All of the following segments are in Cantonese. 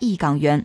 億港元。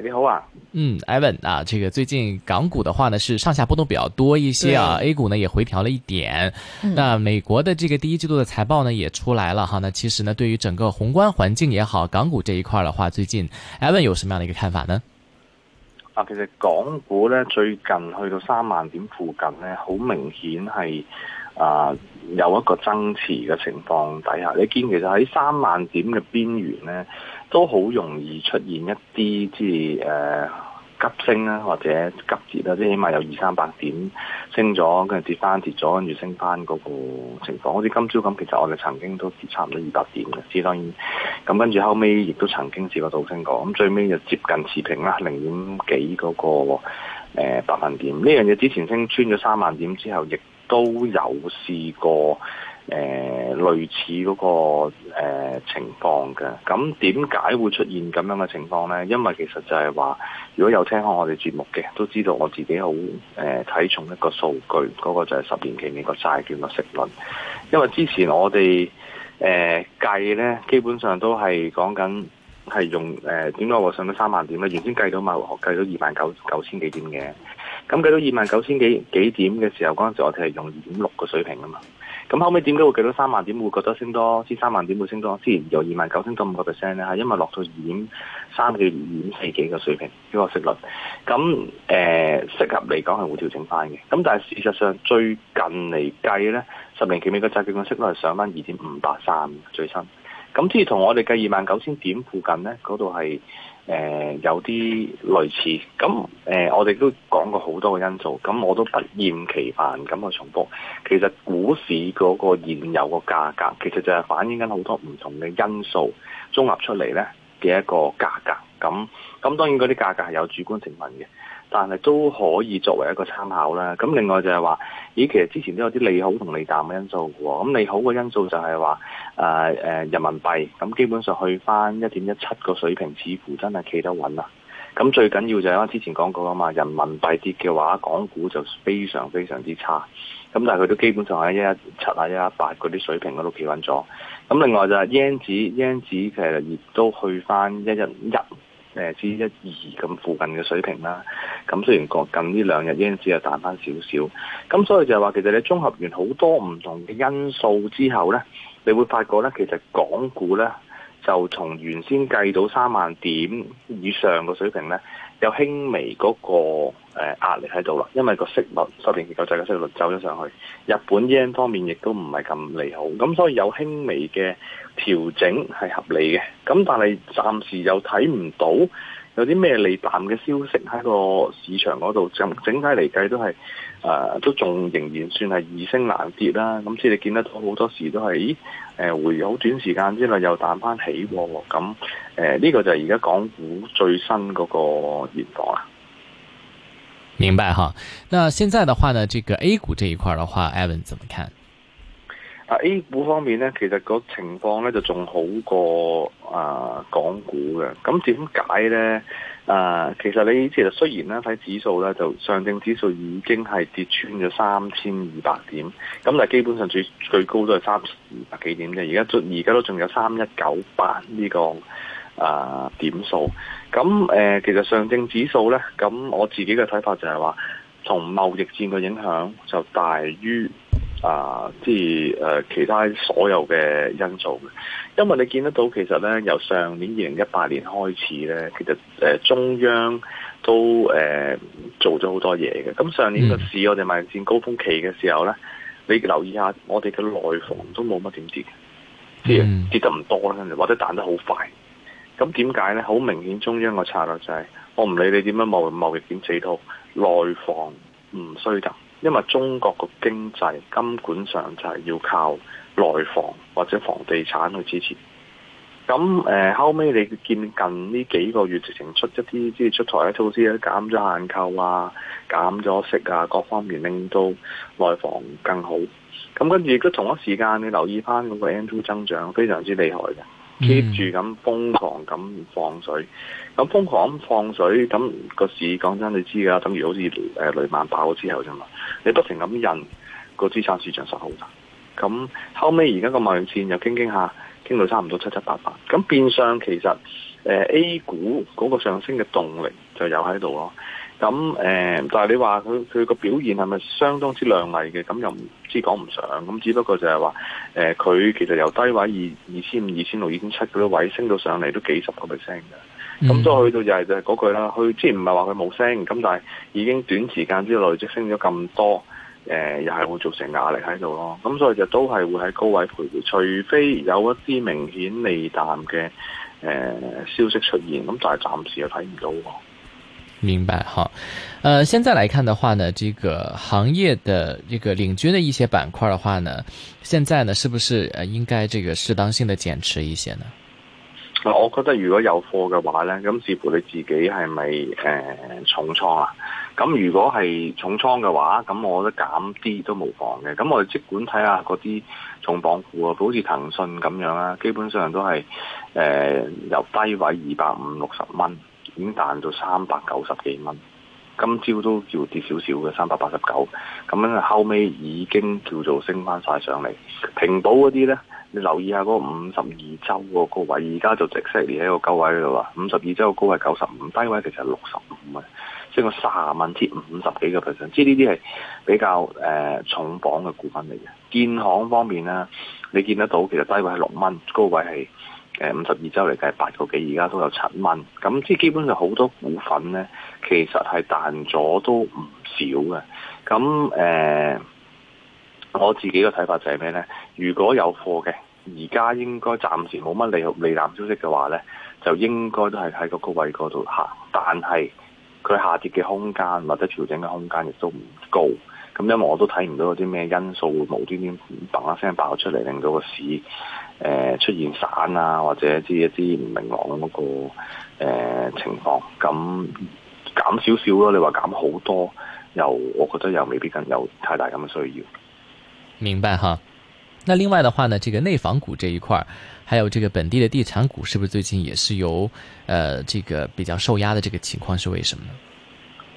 你好啊，嗯，Evan 啊，這個最近港股的話呢，是上下波動比較多一些啊，啊，A 股呢也回調了一點，嗯，那美國的這個第一季度的財報呢也出來了哈，那其實呢對於整個宏觀環境也好，港股這一塊的話，最近 Evan 有什麼樣的一個看法呢？啊，其實港股呢，最近去到三萬點附近呢，好明顯係。啊、呃，有一個增持嘅情況底下，你見其實喺三萬點嘅邊緣咧，都好容易出現一啲即係誒急升啦，或者急跌啦，即係起碼有二三百點升咗，跟住跌翻跌咗，跟住升翻嗰個情況，好似今朝咁。其實我哋曾經都跌差唔多二百點嘅，之當然咁跟住後尾亦都曾經試過倒升過，咁最尾就接近持平啦，零點幾嗰個、那個呃、百分點。呢樣嘢之前升穿咗三萬點之後，亦都有試過誒、呃、類似嗰、那個、呃、情況嘅，咁點解會出現咁樣嘅情況呢？因為其實就係話，如果有聽開我哋節目嘅，都知道我自己好誒睇重一個數據，嗰、那個就係十年期美國債券嘅息率。因為之前我哋誒、呃、計呢，基本上都係講緊係用誒點解話上咗三萬點呢？原先計到咪學計到二萬九九千幾點嘅。咁計到二萬九千幾幾點嘅時候，嗰陣時我哋係用二點六個水平啊嘛。咁後尾點解會計到三萬點？會覺得升多先三萬點會升多。先前由二萬九升到五個 percent 咧，係因為落到二點三幾、二點四幾個水平呢、呢個息率。咁誒適合嚟講係會調整翻嘅。咁但係事實上最近嚟計咧，十年期美國債券嘅息率係上翻二點五八三最新。咁即係同我哋計二萬九千點附近呢，嗰度係誒有啲類似。咁誒、呃，我哋都講過好多嘅因素，咁我都不厭其煩咁去重複。其實股市嗰個現有個價格，其實就係反映緊好多唔同嘅因素綜合出嚟咧嘅一個價格。咁咁當然嗰啲價格係有主觀成分嘅。但係都可以作為一個參考啦。咁另外就係話，咦，其實之前都有啲利好同利淡嘅因素嘅喎。咁利好嘅因素就係話，誒、呃呃、人民幣，咁基本上去翻一點一七個水平，似乎真係企得穩啦。咁最緊要就係我之前講過啊嘛，人民幣跌嘅話，港股就非常非常之差。咁但係佢都基本上喺一一七啊一一八嗰啲水平嗰度企穩咗。咁另外就係日圓，日圓其實亦都去翻一五一。誒之一二咁附近嘅水平啦，咁雖然近呢兩日英資又彈返少少，咁所以就係話其實你綜合完好多唔同嘅因素之後咧，你會發覺咧其實港股咧就從原先計到三萬點以上嘅水平咧，有輕微嗰、那個、呃、壓力喺度啦，因為個息率十年期國債嘅息率走咗上去，日本 yen 方面亦都唔係咁利好，咁所以有輕微嘅調整係合理嘅，咁但係暫時又睇唔到有啲咩利淡嘅消息喺個市場嗰度，整體嚟計都係誒、呃、都仲仍然算係易升難跌啦，咁即係你見得到好多時都係。誒、呃，回好短時間之內又彈翻起、哦，咁誒呢個就係而家港股最新嗰個現狀啦。明白哈，那現在的話呢，這個 A 股這一塊的話，Evan 怎麼看？A 股方面咧，其實個情況咧就仲好過啊、呃、港股嘅。咁點解咧？啊、呃，其實你其實雖然咧睇指數咧，就上證指數已經係跌穿咗三千二百點，咁但係基本上最最高都係三千二百幾點嘅。而家而家都仲有三一九八呢個啊、呃、點數。咁、呃、其實上證指數咧，咁我自己嘅睇法就係話，從貿易戰嘅影響就大於，啊，即係誒其他所有嘅因素嘅，因為你見得到其實咧，由上年二零一八年開始咧，其實誒、呃、中央都誒、呃、做咗好多嘢嘅。咁上年個市我哋貿戰高峰期嘅時候咧，你留意一下我哋嘅內房都冇乜點跌，即係跌得唔多啦，或者彈得好快。咁點解咧？好明顯中央個策略就係、是、我唔理你點樣貿貿易點死套，內房唔衰得。因為中國個經濟根本上就係要靠內房或者房地產去支持，咁誒後尾你見近呢幾個月直情出一啲即係出台嘅措施咧，減咗限購啊，減咗息啊，各方面令到內房更好，咁跟住亦都同一時間你留意翻嗰個 M2 增長非常之厲害嘅。keep 住咁瘋狂咁放水，咁瘋狂咁放水，咁個市講真你知噶，等於好似誒雷曼爆咗之後啫嘛，你不停咁印個資產市場實好㗎，咁後尾而家個貿易戰又傾傾下，傾到差唔多七七八八，咁變相其實 A 股嗰個上升嘅動力就有喺度咯。咁、嗯、誒，但係你話佢佢個表現係咪相當之亮麗嘅？咁又唔知講唔上。咁只不過就係話誒，佢、呃、其實由低位二二千五、二千六已經出嗰位升到上嚟，都幾十個 percent 嘅。咁、嗯、都去到就係嗰句啦。佢之前唔係話佢冇升，咁但係已經短時間之內即升咗咁多，誒、呃、又係會造成壓力喺度咯。咁所以就都係會喺高位徘徊，除非有一啲明顯利淡嘅、呃、消息出現，咁但係暫時又睇唔到。明白好，呃，現在來看的話呢，這個行業的這個領軍的一些板塊的話呢，現在呢，是不是應該這個適當性的減持一些呢？我覺得如果有貨嘅話呢，咁似乎你自己係咪誒重倉啊？咁如果係重倉嘅話，咁我覺得減啲都無妨嘅。咁我哋即管睇下嗰啲重磅股啊，好似騰訊咁樣啦，基本上都係誒、呃、由低位二百五六十蚊，已經彈到三百九十幾蚊，今朝都叫跌少少嘅，三百八十九，咁樣後尾已經叫做升翻晒上嚟。平保嗰啲呢，你留意一下嗰個五十二周個高位，而家就直息嚟喺個高位度啊。五十二周個高位九十五，低位其實係六十五啊，升個卅蚊貼五十幾個 percent。即係呢啲係比較誒、呃、重磅嘅股份嚟嘅。建行方面呢，你見得到其實低位係六蚊，高位係。誒五十二周嚟計八個幾，而家都有七蚊，咁即基本上好多股份呢，其實係彈咗都唔少嘅。咁誒、呃，我自己嘅睇法就係咩呢？如果有貨嘅，而家應該暫時冇乜利好利淡消息嘅話呢，就應該都係喺個高位嗰度行，但係佢下跌嘅空間或者調整嘅空間亦都唔高。咁因為我都睇唔到有啲咩因素會無端端砰一聲爆出嚟，令到個市誒、呃、出現散啊，或者啲一啲唔明朗嗰、那個誒、呃、情況。咁減少少咯，你話減好多，又我覺得又未必更有太大咁嘅需要。明白哈。那另外的話呢，這個內房股這一塊，還有這個本地的地產股，是不是最近也是有呃，這個比較受壓的這個情況是為什麼呢？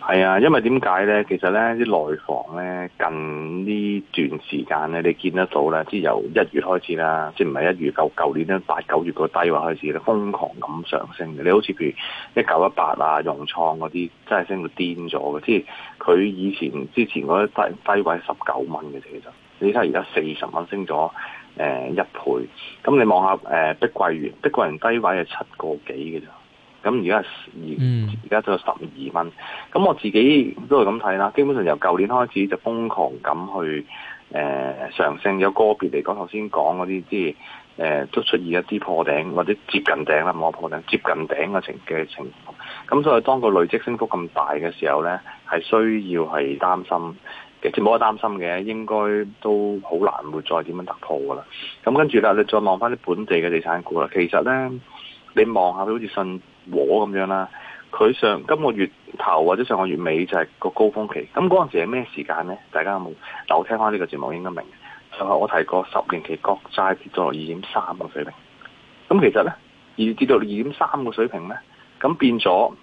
係啊，因為點解咧？其實咧，啲內房咧，近呢段時間咧，你見得到咧，即係由一月開始啦，即係唔係一月九？舊年咧八九月個低位開始咧，瘋狂咁上升嘅。你好似譬如一九一八啊，融創嗰啲真係升到癲咗嘅。即係佢以前之前嗰啲低低位十九蚊嘅，其實你睇下而家四十蚊，升咗誒、呃、一倍。咁你望下誒碧桂園，碧桂園低位係七個幾嘅咋。咁而家而而家就十二蚊，咁、嗯、我自己都係咁睇啦。基本上由舊年開始就瘋狂咁去上升、呃，有個別嚟講，頭先講嗰啲即係都出現一啲破頂或者接近頂啦，冇破頂接近頂嘅情嘅情況。咁所以當個累積升幅咁大嘅時候咧，係需要係擔心，其實冇得擔心嘅，應該都好難會再點樣突破噶啦。咁跟住啦，你再望翻啲本地嘅地產股啦。其實咧，你望下佢好似信。火咁樣啦，佢上今個月頭或者上個月尾就係個高峰期，咁嗰陣時係咩時間呢？大家有冇？嗱，我聽翻呢個節目應該明，就係我提過十年期國債跌到二點三個水平，咁其實呢，二跌到二點三個水平呢，咁變咗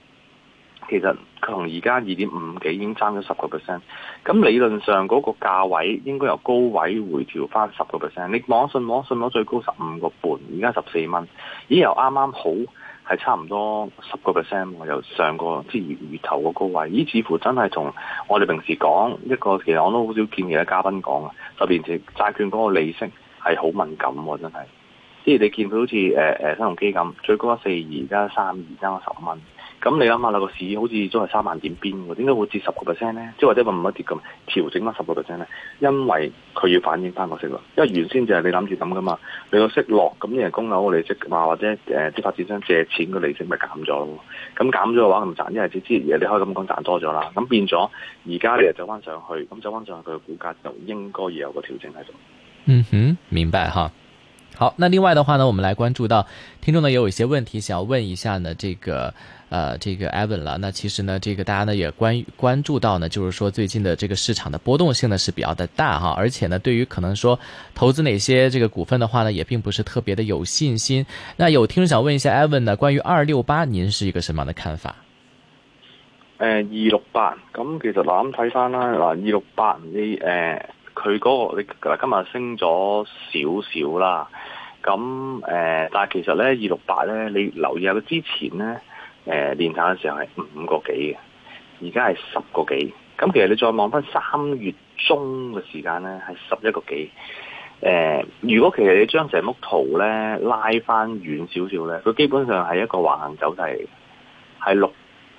其實佢同而家二點五幾已經爭咗十個 percent，咁理論上嗰個價位應該由高位回調翻十個 percent。你望一瞬，望一瞬，我最高十五個半，而家十四蚊，已，咦？又啱啱好。係差唔多十個 percent，我由上個即係月頭個高位，咦？似乎真係同我哋平時講一個，其實我都好少見其他嘉賓講啊。十年前債券嗰個利息係好敏感，真係，即係你見到好似誒誒，新龍基金最高一四二，加三二，而家十蚊。咁你諗下啦，個市好似都係三萬點邊嘅，點解會跌十個 percent 咧？即或者百五一跌咁，調整翻十個 percent 咧？因為佢要反映翻個息咯，因為原先就係你諗住咁噶嘛，你個息落咁，因為供樓嘅利息嘛，或者誒啲發展商借錢嘅利息咪減咗咯。咁減咗嘅話，咁賺因為你可以咁講賺多咗啦。咁變咗而家你又走翻上去，咁走翻上去佢個股價就應該要有個調整喺度。嗯哼，明白吓。好，那另外嘅話呢，我們來關注到，聽眾呢也有一些問題想要問一下呢，這個。呃，這個 Evan 了，那其實呢，這個大家呢也關關注到呢，就是說最近的這個市場的波動性呢是比較的大哈，而且呢，對於可能說投資哪些這個股份的話呢，也並不是特別的有信心。那有聽眾想問一下 Evan 呢，關於二六八，您是一個什麼樣的看法？呃，二六八，咁其實嗱睇翻啦，嗱，二六八你誒，佢嗰、呃嗰個你嗱，今日升咗少少啦，咁、嗯、誒、呃，但係其實咧，二六八咧，你留意下佢之前咧。誒連彈嘅時候係五個幾嘅，而家係十個幾。咁其實你再望翻三月中嘅時間咧，係十一個幾。誒，如果其實你將成幅圖咧拉翻遠少少咧，佢基本上係一個橫行走勢，係六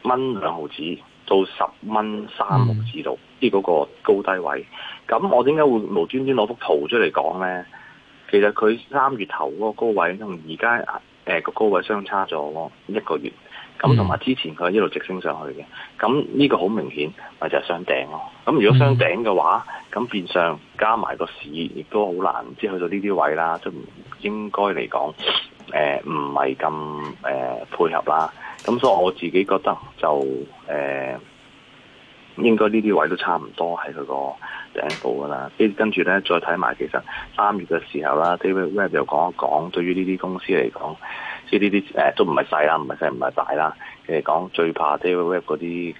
蚊兩毫紙到十蚊三毫紙度，即係嗰個高低位。咁、嗯、我點解會無端端攞幅圖出嚟講咧？其實佢三月頭嗰個高位同而家誒個高位相差咗一個月。咁同埋之前佢一路直，直升上去嘅，咁呢個好明顯，咪就係雙頂咯、啊。咁如果雙頂嘅話，咁變相加埋個市，亦都好難，即係去到呢啲位啦。即係唔應該嚟講，誒唔係咁誒配合啦。咁所以我自己覺得就誒、呃、應該呢啲位都差唔多喺佢個頂部噶啦。跟跟住咧，再睇埋其實三月嘅時候啦，David Webb 又講一說講，對於呢啲公司嚟講。即呢啲誒，都唔係細啦，唔係細唔係大啦。誒，講最怕 Telegram 嗰啲提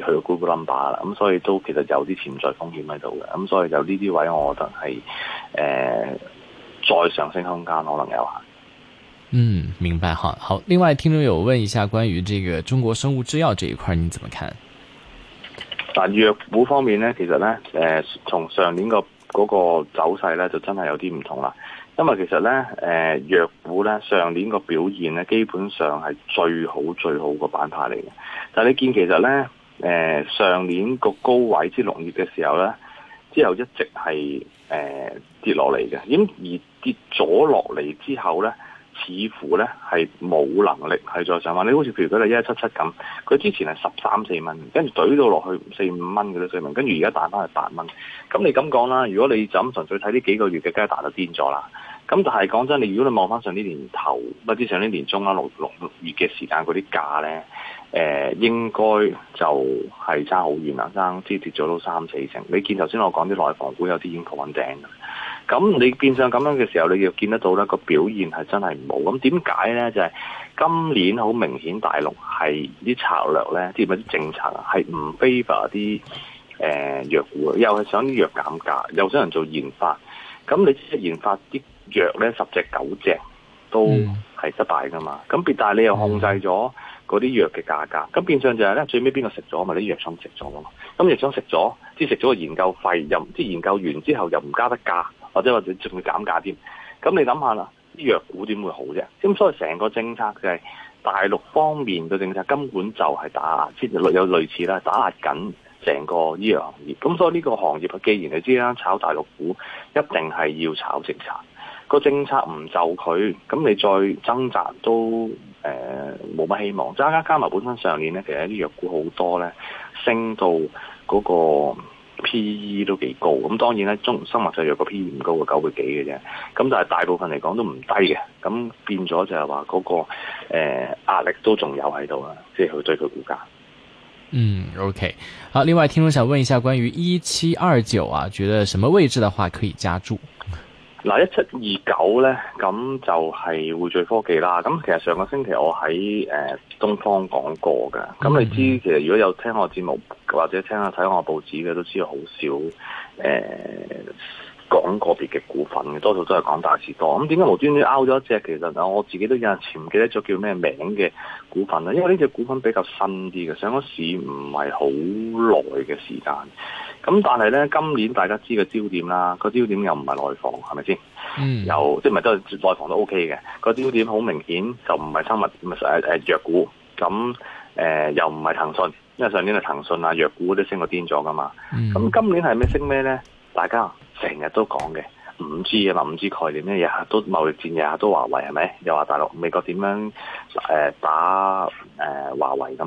佢個 Google number 啦，嗯，咁所以都其實有啲潛在風險喺度嘅。咁，嗯、所以就呢啲位我覺得，我哋係誒再上升空間可能有限。嗯，明白哈。好，另外聽眾有問一下關於這個中國生物製藥這一塊，你怎麼看？但藥股方面咧，其實咧，誒、呃，從上年個嗰個走勢咧，就真係有啲唔同啦。因為其實咧，誒藥股咧，上年個表現咧，基本上係最好最好個板塊嚟嘅。但係你見其實咧，誒、呃、上年個高位之六月嘅時候咧，之後一直係誒、呃、跌落嚟嘅。咁而跌咗落嚟之後咧，似乎咧係冇能力係再上翻，你好似譬如佢哋一一七七咁，佢之前係十三四蚊，跟住懟到落去四五蚊嗰啲水平，跟住而家彈翻去八蚊。咁你咁講啦，如果你就咁純粹睇呢幾個月嘅梗係彈到癲咗啦。咁但係講真，你如果你望翻上呢年頭，不知上呢年中啦，六六月嘅時間嗰啲價咧，誒、呃、應該就係差好遠啦，爭即係跌咗都三四成。你見頭先我講啲內房股有啲已經破頂。咁你變相咁樣嘅時候，你又見得到咧個表現係真係唔好。咁點解咧？就係今年好明顯，大陸係啲策略咧，即係咪啲政策啊，係唔 favour 啲誒藥股，又係想啲藥減價，又想人做研發。咁你即係研發啲藥咧，十隻九隻都係失敗噶嘛。咁但係你又控制咗嗰啲藥嘅價格。咁變相就係咧，最尾邊個食咗咪啲藥商食咗嘛？咁藥商食咗，即係食咗個研究費，又即係研究完之後又唔加得價。或者或者仲會減價添，咁你諗下啦，啲藥股點會好啫？咁所以成個政策就係大陸方面嘅政策根本就係打壓，即係有類似啦，打壓緊成個呢樣行業。咁所以呢個行業，既然你知啦，炒大陸股一定係要炒政策，個政策唔就佢，咁你再掙扎都誒冇乜希望。加加加埋本身上年咧，其實啲藥股好多咧升到嗰個。P E 都幾高，咁當然咧，中生物就有個 P E 唔高嘅九個幾嘅啫，咁但係大部分嚟講都唔低嘅，咁變咗就係話嗰個誒壓、呃、力都仲有喺度啊，即係去追佢股價。嗯，OK，好，另外聽眾想問一下關於一七二九啊，覺得什麼位置嘅話可以加注？嗱、啊，一七二九咧，咁就係匯聚科技啦。咁其實上個星期我喺誒、呃、東方講過嘅。咁你知其實如果有聽我節目或者聽下睇我報紙嘅，都知道好少誒、呃、講個別嘅股份嘅，多數都係講大市多。咁點解無端端拗咗一隻？其實我自己都有唔記得咗叫咩名嘅股份咧，因為呢隻股份比較新啲嘅，上咗市唔係好耐嘅時間。咁但係咧，今年大家知個焦點啦，個焦點又唔係內房，係咪先？嗯、mm.，又即係咪都係都內房都 O K 嘅，個焦點好明顯就唔係生物，誒誒藥股，咁誒、呃、又唔係騰訊，因為上年係騰訊啊藥股都升過癲咗噶嘛。咁、mm. 今年係咩升咩咧？大家成日都講嘅五 G 啊嘛，五 G 概念咧日日都貿易戰日日都華為係咪？又話大陸美國點樣誒打誒華、呃呃、為咁？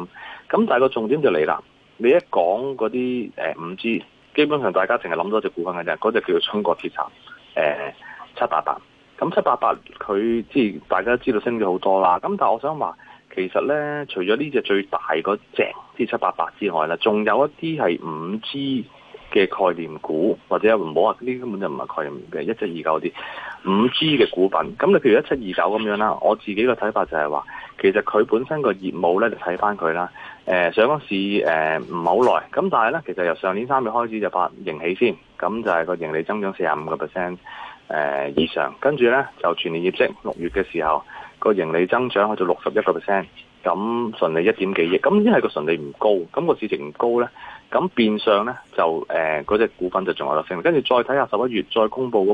咁但係個重點就嚟啦。你一講嗰啲誒五 G，基本上大家淨係諗到隻股份㗎啫，嗰隻叫做中國鐵塔，誒七八八。咁七八八佢即係大家知道升咗好多啦。咁但係我想話，其實咧，除咗呢隻最大嗰隻即係七八八之外咧，仲有一啲係五 G。嘅概念股，或者唔好話呢啲根本就唔係概念嘅一七二九啲五 G 嘅股份。咁你譬如一七二九咁樣啦，我自己個睇法就係話，其實佢本身個業務咧，就睇翻佢啦。誒、呃，上咗市誒唔係好耐，咁、呃、但係咧，其實由上年三月開始就發盈起先，咁就係個盈利增長四十五個 percent 誒，以上，跟住咧就全年業績六月嘅時候個盈利增長去到六十一個 percent，咁純利一點幾億。咁因為個純利唔高，咁、那個市值唔高咧。咁變相咧就誒嗰隻股份就仲有得升，跟住再睇下十一月再公布嗰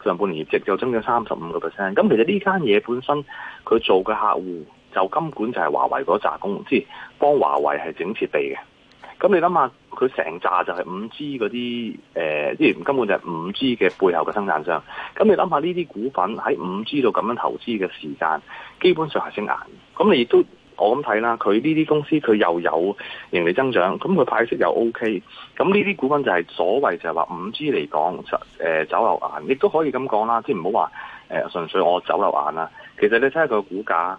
個上半年業績，就增咗三十五個 percent。咁其實呢間嘢本身佢做嘅客戶就根本就係華為嗰紮公司，幫華為係整設備嘅。咁你諗下，佢成紮就係五 G 嗰啲誒，即係，呃，根本就係五 G 嘅背後嘅生產商。咁你諗下呢啲股份喺五 G 度咁樣投資嘅時間，基本上係升硬。咁你亦都。我咁睇啦，佢呢啲公司佢又有盈利增長，咁佢派息又 OK，咁呢啲股份就係所謂就係話五 G 嚟講，走漏眼，亦都可以咁講啦。即係唔好話誒純粹我走漏眼啦。其實你睇下佢個股價，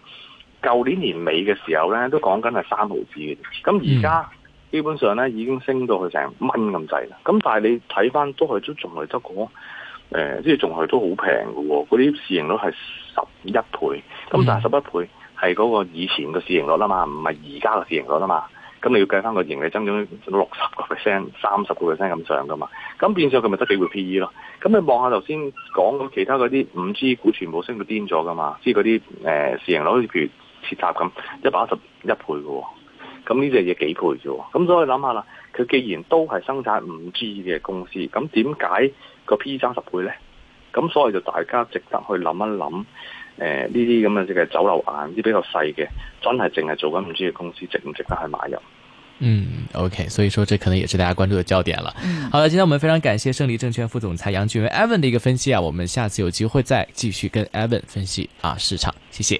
舊年年尾嘅時候咧都講緊係三毫紙嘅，咁而家基本上咧已經升到去成蚊咁滯啦。咁但係你睇翻都係都、呃、仲係得個即係仲係都好平嘅喎。嗰啲市盈率係十一倍，咁但係十一倍。嗯係嗰個以前嘅市盈率啊嘛，唔係而家嘅市盈率啊嘛，咁你要計翻個盈利增長到六十個 percent、三十個 percent 咁上噶嘛，咁變相佢咪得幾倍 PE 咯？咁你望下頭先講其他嗰啲五 G 股，全部升到癲咗噶嘛？知嗰啲誒市盈率好似譬如鐵塔咁一百一十一倍嘅、哦，咁呢隻嘢幾倍啫？咁所以諗下啦，佢既然都係生產五 G 嘅公司，咁點解個 PE 三十倍咧？咁所以就大家值得去諗一諗。誒、呃，呢啲咁嘅即係酒樓晏啲比較細嘅，真係淨係做緊唔知嘅公司，值唔值得去買入？嗯，OK，所以說，這可能也是大家關注嘅焦點了。好了，今天我們非常感謝勝利證券副總裁楊俊文 Evan 的一個分析啊，我們下次有機會再繼續跟 Evan 分析啊市場，謝謝。